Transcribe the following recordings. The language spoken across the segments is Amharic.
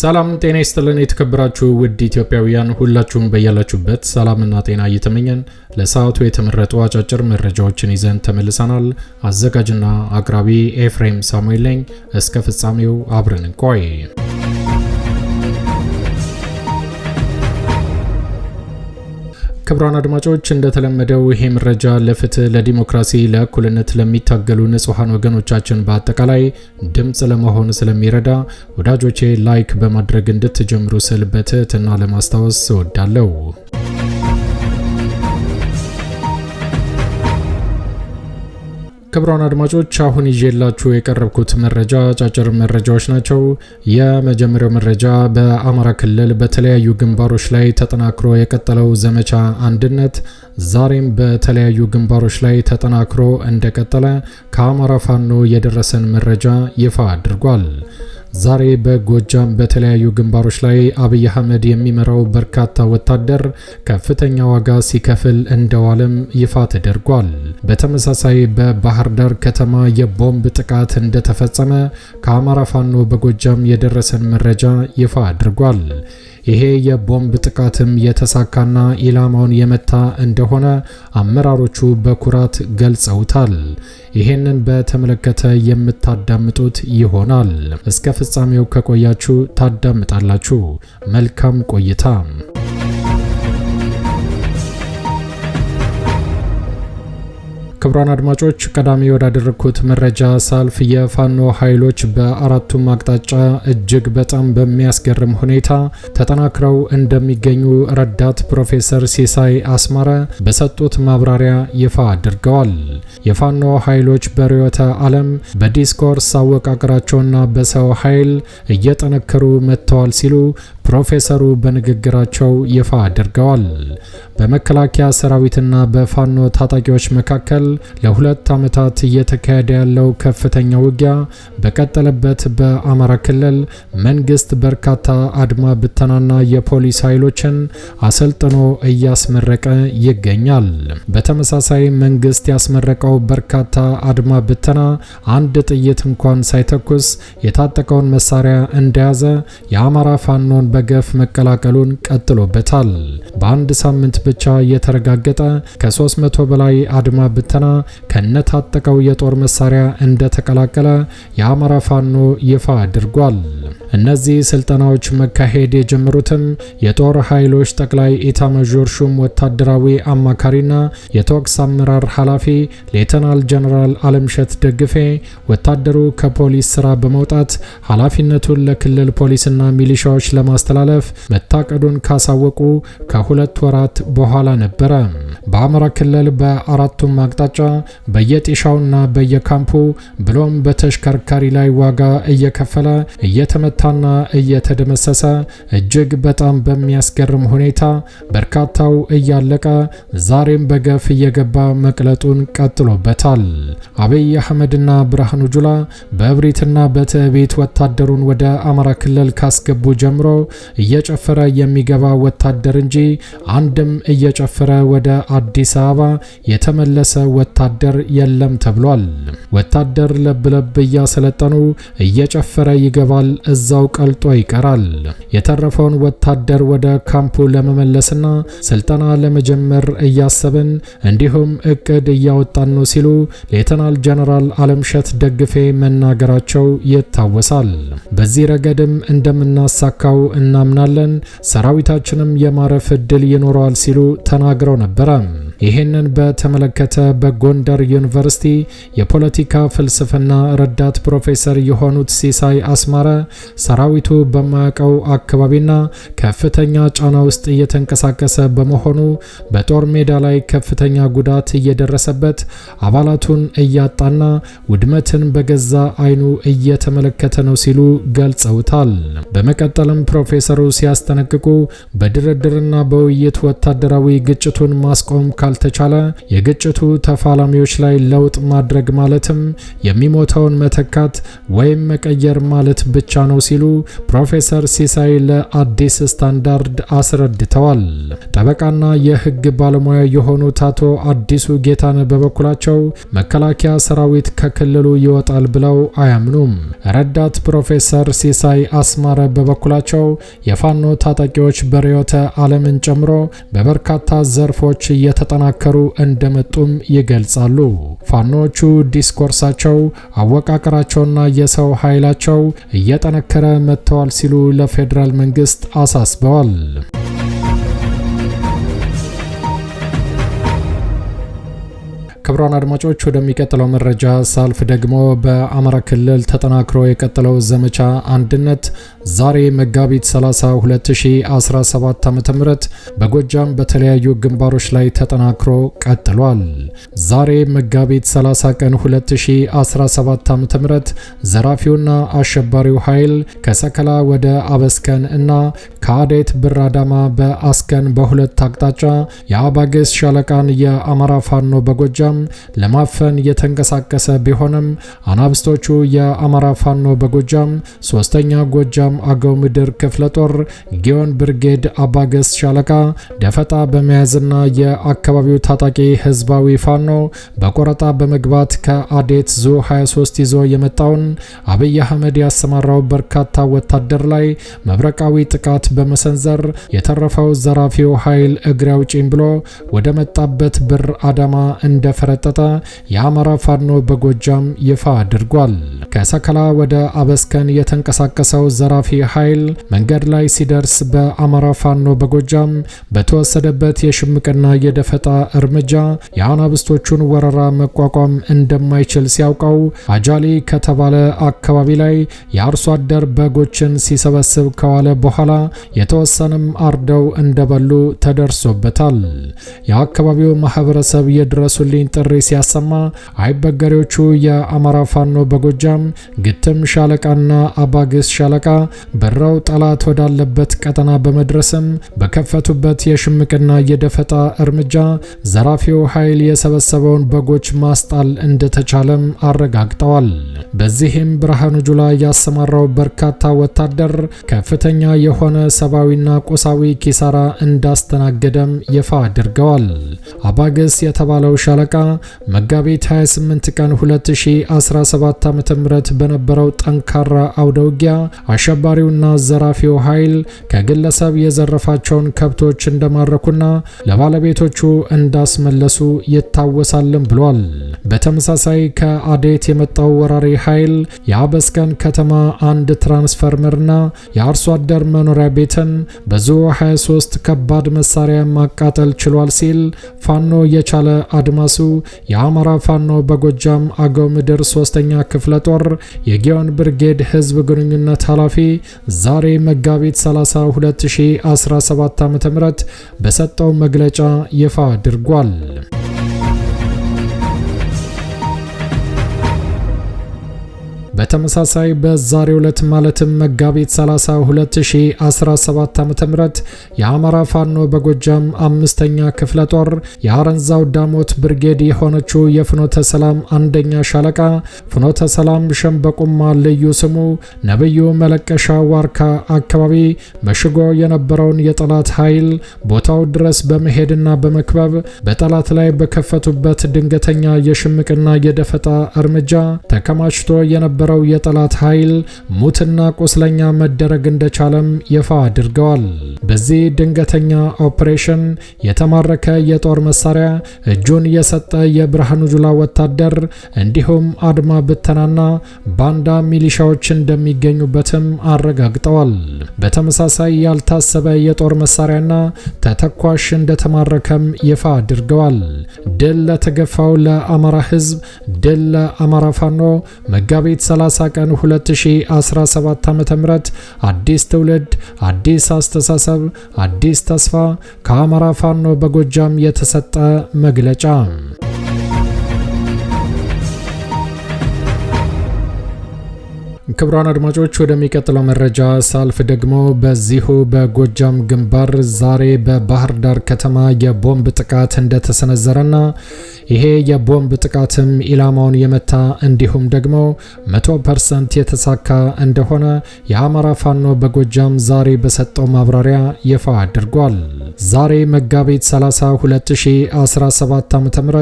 ሰላም ጤና ይስጥልን። የተከበራችሁ ውድ ኢትዮጵያውያን ሁላችሁም በያላችሁበት ሰላምና ጤና እየተመኘን ለሰዓቱ የተመረጡ አጫጭር መረጃዎችን ይዘን ተመልሰናል። አዘጋጅና አቅራቢ ኤፍሬም ሳሙኤል ነኝ። እስከ ፍጻሜው አብረን እንቆይ። ክብሯን አድማጮች እንደተለመደው ይሄ መረጃ ለፍትህ፣ ለዲሞክራሲ፣ ለእኩልነት ለሚታገሉ ንጹሐን ወገኖቻችን በአጠቃላይ ድምፅ ለመሆን ስለሚረዳ ወዳጆቼ ላይክ በማድረግ እንድትጀምሩ ስል በትህትና ለማስታወስ እወዳለሁ። ክቡራን አድማጮች አሁን ይዤላችሁ የቀረብኩት መረጃ አጫጭር መረጃዎች ናቸው። የመጀመሪያው መረጃ በአማራ ክልል በተለያዩ ግንባሮች ላይ ተጠናክሮ የቀጠለው ዘመቻ አንድነት ዛሬም በተለያዩ ግንባሮች ላይ ተጠናክሮ እንደቀጠለ ከአማራ ፋኖ የደረሰን መረጃ ይፋ አድርጓል። ዛሬ በጎጃም በተለያዩ ግንባሮች ላይ አብይ አህመድ የሚመራው በርካታ ወታደር ከፍተኛ ዋጋ ሲከፍል እንደዋለም ይፋ ተደርጓል። በተመሳሳይ በባህር ዳር ከተማ የቦምብ ጥቃት እንደተፈጸመ ከአማራ ፋኖ በጎጃም የደረሰን መረጃ ይፋ አድርጓል። ይሄ የቦምብ ጥቃትም የተሳካና ኢላማውን የመታ እንደሆነ አመራሮቹ በኩራት ገልጸውታል። ይሄንን በተመለከተ የምታዳምጡት ይሆናል። እስከ ፍጻሜው ከቆያችሁ ታዳምጣላችሁ። መልካም ቆይታ ክቡራን አድማጮች ቀዳሚ ወዳደረግኩት መረጃ ሳልፍ የፋኖ ኃይሎች በአራቱም አቅጣጫ እጅግ በጣም በሚያስገርም ሁኔታ ተጠናክረው እንደሚገኙ ረዳት ፕሮፌሰር ሲሳይ አስማረ በሰጡት ማብራሪያ ይፋ አድርገዋል። የፋኖ ኃይሎች በርዕዮተ ዓለም በዲስኮርስ አወቃቀራቸውና በሰው ኃይል እየጠነከሩ መጥተዋል ሲሉ ፕሮፌሰሩ በንግግራቸው ይፋ አድርገዋል። በመከላከያ ሰራዊትና በፋኖ ታጣቂዎች መካከል ለሁለት ዓመታት እየተካሄደ ያለው ከፍተኛ ውጊያ በቀጠለበት በአማራ ክልል መንግስት በርካታ አድማ ብተናና የፖሊስ ኃይሎችን አሰልጥኖ እያስመረቀ ይገኛል። በተመሳሳይ መንግስት ያስመረቀው በርካታ አድማ ብተና አንድ ጥይት እንኳን ሳይተኩስ የታጠቀውን መሳሪያ እንደያዘ የአማራ ፋኖን በገፍ መቀላቀሉን ቀጥሎበታል። በአንድ ሳምንት ብቻ የተረጋገጠ ከ300 በላይ አድማ ብተና ከነታጠቀው የጦር መሳሪያ እንደተቀላቀለ የአማራ ፋኖ ይፋ አድርጓል። እነዚህ ስልጠናዎች መካሄድ የጀመሩትም የጦር ኃይሎች ጠቅላይ ኢታማዦር ሹም ወታደራዊ አማካሪና የተኩስ አመራር ኃላፊ ሌተናል ጀነራል አለምሸት ደግፌ ወታደሩ ከፖሊስ ስራ በመውጣት ኃላፊነቱን ለክልል ፖሊስና ሚሊሻዎች ለማስ ለማስተላለፍ መታቀዱን ካሳወቁ ከሁለት ወራት በኋላ ነበረ። በአማራ ክልል በአራቱም አቅጣጫ በየጤሻውና በየካምፑ ብሎም በተሽከርካሪ ላይ ዋጋ እየከፈለ እየተመታና እየተደመሰሰ እጅግ በጣም በሚያስገርም ሁኔታ በርካታው እያለቀ ዛሬም በገፍ እየገባ መቅለጡን ቀጥሎበታል። አብይ አህመድና ብርሃኑ ጁላ በእብሪትና በትዕቢት ወታደሩን ወደ አማራ ክልል ካስገቡ ጀምሮ እየጨፈረ የሚገባ ወታደር እንጂ አንድም እየጨፈረ ወደ አዲስ አበባ የተመለሰ ወታደር የለም ተብሏል። ወታደር ለብለብ እያሰለጠኑ እየጨፈረ ይገባል፣ እዛው ቀልጦ ይቀራል። የተረፈውን ወታደር ወደ ካምፑ ለመመለስና ስልጠና ለመጀመር እያሰብን እንዲሁም እቅድ እያወጣን ነው ሲሉ ሌተናል ጀነራል አለምሸት ደግፌ መናገራቸው ይታወሳል። በዚህ ረገድም እንደምናሳካው እናምናለን፣ ሰራዊታችንም የማረፍ እድል ይኖረዋል ሲሉ ተናግረው ነበረ። ይህንን በተመለከተ በጎንደር ዩኒቨርሲቲ የፖለቲካ ፍልስፍና ረዳት ፕሮፌሰር የሆኑት ሲሳይ አስማረ ሰራዊቱ በማያውቀው አካባቢና ከፍተኛ ጫና ውስጥ እየተንቀሳቀሰ በመሆኑ በጦር ሜዳ ላይ ከፍተኛ ጉዳት እየደረሰበት አባላቱን እያጣና ውድመትን በገዛ አይኑ እየተመለከተ ነው ሲሉ ገልጸውታል። በመቀጠልም ፕሮፌሰሩ ሲያስጠነቅቁ በድርድርና በውይይት ወታደራዊ ግጭቱን ማስቆም ካል ካልተቻለ የግጭቱ ተፋላሚዎች ላይ ለውጥ ማድረግ ማለትም የሚሞተውን መተካት ወይም መቀየር ማለት ብቻ ነው ሲሉ ፕሮፌሰር ሲሳይ ለአዲስ ስታንዳርድ አስረድተዋል። ጠበቃና የህግ ባለሙያ የሆኑት አቶ አዲሱ ጌታን በበኩላቸው መከላከያ ሰራዊት ከክልሉ ይወጣል ብለው አያምኑም። ረዳት ፕሮፌሰር ሲሳይ አስማረ በበኩላቸው የፋኖ ታጣቂዎች በርዕዮተ ዓለምን ጨምሮ በበርካታ ዘርፎች እየተጣ እየተጠናከሩ እንደመጡም ይገልጻሉ። ፋኖቹ ዲስኮርሳቸው፣ አወቃቀራቸውና የሰው ኃይላቸው እየጠነከረ መጥተዋል ሲሉ ለፌዴራል መንግስት አሳስበዋል። ክብሯን አድማጮች ወደሚቀጥለው መረጃ ሳልፍ ደግሞ በአማራ ክልል ተጠናክሮ የቀጠለው ዘመቻ አንድነት ዛሬ መጋቢት 30 2017 ዓ.ም በጎጃም በተለያዩ ግንባሮች ላይ ተጠናክሮ ቀጥሏል። ዛሬ መጋቢት 30 ቀን 2017 ዓ.ም ዘራፊውና አሸባሪው ኃይል ከሰከላ ወደ አበስከን እና ከአዴት ብር አዳማ በአስከን በሁለት አቅጣጫ የአባገስ ሻለቃን የአማራ ፋኖ በጎጃም ፋኖን ለማፈን እየተንቀሳቀሰ ቢሆንም አናብስቶቹ የአማራ ፋኖ በጎጃም ሶስተኛ ጎጃም አገው ምድር ክፍለ ጦር ጊዮን ብርጌድ አባገስ ሻለቃ ደፈጣ በመያዝና የአካባቢው ታጣቂ ህዝባዊ ፋኖ በቆረጣ በመግባት ከአዴት ዙ 23 ይዞ የመጣውን አብይ አህመድ ያሰማራው በርካታ ወታደር ላይ መብረቃዊ ጥቃት በመሰንዘር የተረፈው ዘራፊው ኃይል እግሬ አውጪኝ ብሎ ወደ መጣበት ብር አዳማ እንደ የተፈረጠጠ የአማራ ፋኖ በጎጃም ይፋ አድርጓል። ከሰከላ ወደ አበስከን የተንቀሳቀሰው ዘራፊ ኃይል መንገድ ላይ ሲደርስ በአማራ ፋኖ በጎጃም በተወሰደበት የሽምቅና የደፈጣ እርምጃ የአናብስቶቹን ወረራ መቋቋም እንደማይችል ሲያውቀው አጃሊ ከተባለ አካባቢ ላይ የአርሶ አደር በጎችን ሲሰበስብ ከዋለ በኋላ የተወሰነም አርደው እንደበሉ ተደርሶበታል። የአካባቢው ማህበረሰብ የድረሱልኝ ጥሪ ሲያሰማ አይበገሬዎቹ የአማራ ፋኖ በጎጃም ግትም ሻለቃና አባግስ ሻለቃ በራው ጠላት ወዳለበት ቀጠና በመድረስም በከፈቱበት የሽምቅና የደፈጣ እርምጃ ዘራፊው ኃይል የሰበሰበውን በጎች ማስጣል እንደተቻለም አረጋግጠዋል። በዚህም ብርሃኑ ጁላ ያሰማራው በርካታ ወታደር ከፍተኛ የሆነ ሰብአዊና ቁሳዊ ኪሳራ እንዳስተናገደም ይፋ አድርገዋል። አባግስ የተባለው ሻለቃ መጋቢት 28 ቀን 2017 ዓ.ም በነበረው ጠንካራ አውደውጊያ አሸባሪውና ዘራፊው ኃይል ከግለሰብ የዘረፋቸውን ከብቶች እንደማረኩና ለባለቤቶቹ እንዳስመለሱ ይታወሳልን ብሏል። በተመሳሳይ ከአዴት የመጣው ወራሪ ኃይል የአበስቀን ከተማ አንድ ትራንስፈርመርና የአርሶ አደር መኖሪያ ቤትን በዙ 23 ከባድ መሳሪያ ማቃጠል ችሏል ሲል ፋኖ የቻለ አድማሱ የአማራ ፋኖ በጎጃም አገው ምድር ሶስተኛ ክፍለ ጦር የጊዮን ብርጌድ ህዝብ ግንኙነት ኃላፊ ዛሬ መጋቢት 30 2017 ዓ ም በሰጠው መግለጫ ይፋ አድርጓል። በተመሳሳይ በዛሬው ዕለት ማለትም መጋቢት 30 2017 ዓ.ም የአማራ ፋኖ በጎጃም አምስተኛ ክፍለ ጦር የአረንዛው ዳሞት ብርጌድ የሆነችው የፍኖተ ሰላም አንደኛ ሻለቃ ፍኖተ ሰላም ሸምበቁማ ልዩ ስሙ ነብዩ መለቀሻ ዋርካ አካባቢ መሽጎ የነበረውን የጠላት ኃይል ቦታው ድረስ በመሄድና በመክበብ በጠላት ላይ በከፈቱበት ድንገተኛ የሽምቅና የደፈጣ እርምጃ ተከማችቶ የነበረ የነበረው የጠላት ኃይል ሙትና ቁስለኛ መደረግ እንደቻለም ይፋ አድርገዋል። በዚህ ድንገተኛ ኦፕሬሽን የተማረከ የጦር መሳሪያ እጁን የሰጠ የብርሃኑ ጁላ ወታደር እንዲሁም አድማ ብተናና ባንዳ ሚሊሻዎች እንደሚገኙበትም አረጋግጠዋል። በተመሳሳይ ያልታሰበ የጦር መሳሪያና ተተኳሽ እንደተማረከም ይፋ አድርገዋል። ድል ለተገፋው ለአማራ ህዝብ ድል ለአማራ ፋኖ መጋቢት 30 ቀን 2017 ዓ.ም አዲስ ትውልድ፣ አዲስ አስተሳሰብ፣ አዲስ ተስፋ ከአማራ ፋኖ በጎጃም የተሰጠ መግለጫ ክቡራን አድማጮች ወደሚቀጥለው መረጃ ሳልፍ ደግሞ በዚሁ በጎጃም ግንባር ዛሬ በባህር ዳር ከተማ የቦምብ ጥቃት እንደተሰነዘረና ይሄ የቦምብ ጥቃትም ኢላማውን የመታ እንዲሁም ደግሞ 100 ፐርሰንት የተሳካ እንደሆነ የአማራ ፋኖ በጎጃም ዛሬ በሰጠው ማብራሪያ ይፋ አድርጓል። ዛሬ መጋቢት 30 2017 ዓ.ም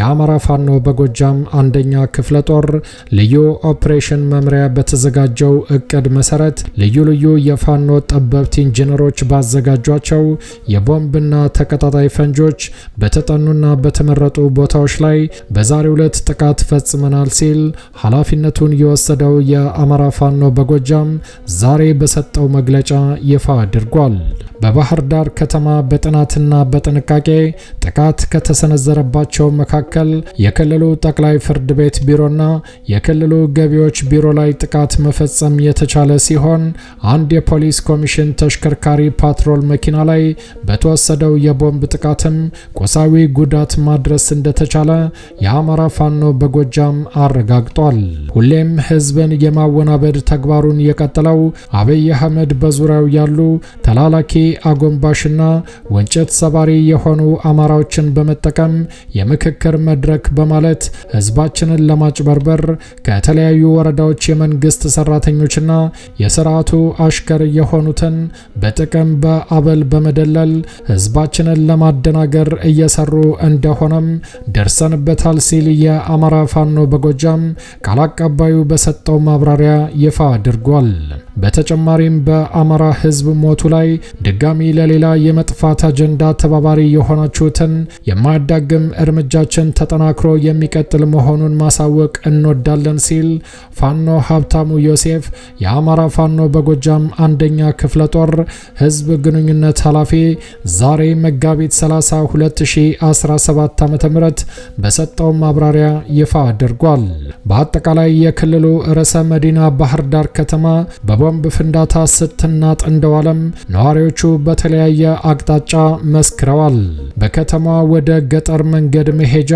የአማራ ፋኖ በጎጃም አንደኛ ክፍለ ጦር ልዩ ኦፕሬሽን መምሪያ በተዘጋጀው እቅድ መሰረት ልዩ ልዩ የፋኖ ጠበብት ኢንጂነሮች ባዘጋጇቸው የቦምብና ተቀጣጣይ ፈንጆች በተጠኑና በተመረጡ ቦታዎች ላይ በዛሬው ዕለት ጥቃት ፈጽመናል ሲል ኃላፊነቱን የወሰደው የአማራ ፋኖ በጎጃም ዛሬ በሰጠው መግለጫ ይፋ አድርጓል። በባህር ዳር ከተማ በጥናትና በጥንቃቄ ጥቃት ከተሰነዘረባቸው መካከል የክልሉ ጠቅላይ ፍርድ ቤት ቢሮና የክልሉ ገቢዎች ቢሮ ላይ ጥቃት ጥቃት መፈጸም የተቻለ ሲሆን አንድ የፖሊስ ኮሚሽን ተሽከርካሪ ፓትሮል መኪና ላይ በተወሰደው የቦምብ ጥቃትም ቁሳዊ ጉዳት ማድረስ እንደተቻለ የአማራ ፋኖ በጎጃም አረጋግጧል። ሁሌም ህዝብን የማወናበድ ተግባሩን የቀጠለው አብይ አህመድ በዙሪያው ያሉ ተላላኪ አጎንባሽና ወንጨት ሰባሪ የሆኑ አማራዎችን በመጠቀም የምክክር መድረክ በማለት ህዝባችንን ለማጭበርበር ከተለያዩ ወረዳዎች የመንግስት የመንግስት ሰራተኞችና የስርዓቱ አሽከር የሆኑትን በጥቅም በአበል በመደለል ህዝባችንን ለማደናገር እየሰሩ እንደሆነም ደርሰንበታል ሲል የአማራ ፋኖ በጎጃም ቃል አቀባዩ በሰጠው ማብራሪያ ይፋ አድርጓል። በተጨማሪም በአማራ ህዝብ ሞቱ ላይ ድጋሚ ለሌላ የመጥፋት አጀንዳ ተባባሪ የሆናችሁትን የማያዳግም እርምጃችን ተጠናክሮ የሚቀጥል መሆኑን ማሳወቅ እንወዳለን ሲል ፋኖ ሀብታሙ ዮሴፍ የአማራ ፋኖ በጎጃም አንደኛ ክፍለ ጦር ህዝብ ግንኙነት ኃላፊ ዛሬ መጋቢት 30 2017 ዓ ም በሰጠው ማብራሪያ ይፋ አድርጓል። በአጠቃላይ የክልሉ ርዕሰ መዲና ባህር ዳር ከተማ በቦ ቦምብ ፍንዳታ ስትናጥ እንደዋለም ነዋሪዎቹ በተለያየ አቅጣጫ መስክረዋል። በከተማ ወደ ገጠር መንገድ መሄጃ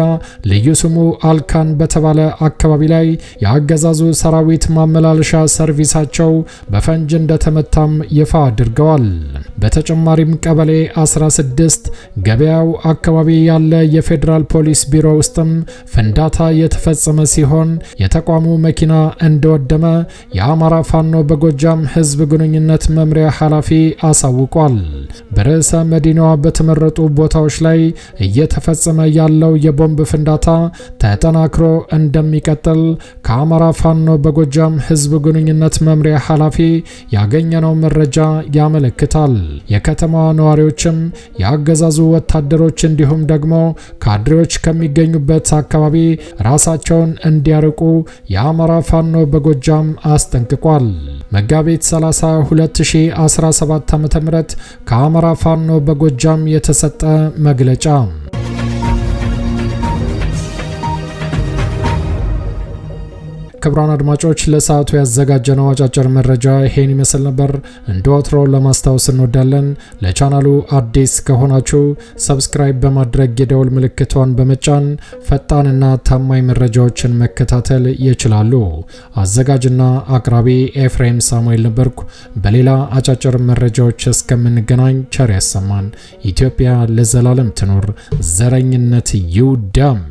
ልዩ ስሙ አልካን በተባለ አካባቢ ላይ የአገዛዙ ሰራዊት ማመላለሻ ሰርቪሳቸው በፈንጅ እንደተመታም ይፋ አድርገዋል። በተጨማሪም ቀበሌ 16 ገበያው አካባቢ ያለ የፌዴራል ፖሊስ ቢሮ ውስጥም ፍንዳታ የተፈጸመ ሲሆን የተቋሙ መኪና እንደወደመ የአማራ ፋኖ በጎጃ ጎጃም ህዝብ ግንኙነት መምሪያ ኃላፊ አሳውቋል። በርዕሰ መዲናዋ በተመረጡ ቦታዎች ላይ እየተፈጸመ ያለው የቦምብ ፍንዳታ ተጠናክሮ እንደሚቀጥል ከአማራ ፋኖ በጎጃም ህዝብ ግንኙነት መምሪያ ኃላፊ ያገኘነው መረጃ ያመለክታል። የከተማዋ ነዋሪዎችም የአገዛዙ ወታደሮች እንዲሁም ደግሞ ካድሬዎች ከሚገኙበት አካባቢ ራሳቸውን እንዲያርቁ የአማራ ፋኖ በጎጃም አስጠንቅቋል። መጋቢት 30 2017 ዓ.ም ከአማራ ፋኖ በጎጃም የተሰጠ መግለጫ ክቡራን አድማጮች ለሰዓቱ ያዘጋጀነው አጫጭር መረጃ ይሄን ይመስል ነበር። እንደ ወትሮ ለማስታወስ እንወዳለን ለቻናሉ አዲስ ከሆናችሁ ሰብስክራይብ በማድረግ የደውል ምልክቷን በመጫን ፈጣንና ታማኝ መረጃዎችን መከታተል ይችላሉ። አዘጋጅና አቅራቢ ኤፍሬም ሳሙኤል ነበርኩ። በሌላ አጫጭር መረጃዎች እስከምንገናኝ ቸር ያሰማን። ኢትዮጵያ ለዘላለም ትኖር ዘረኝነት ይውደም።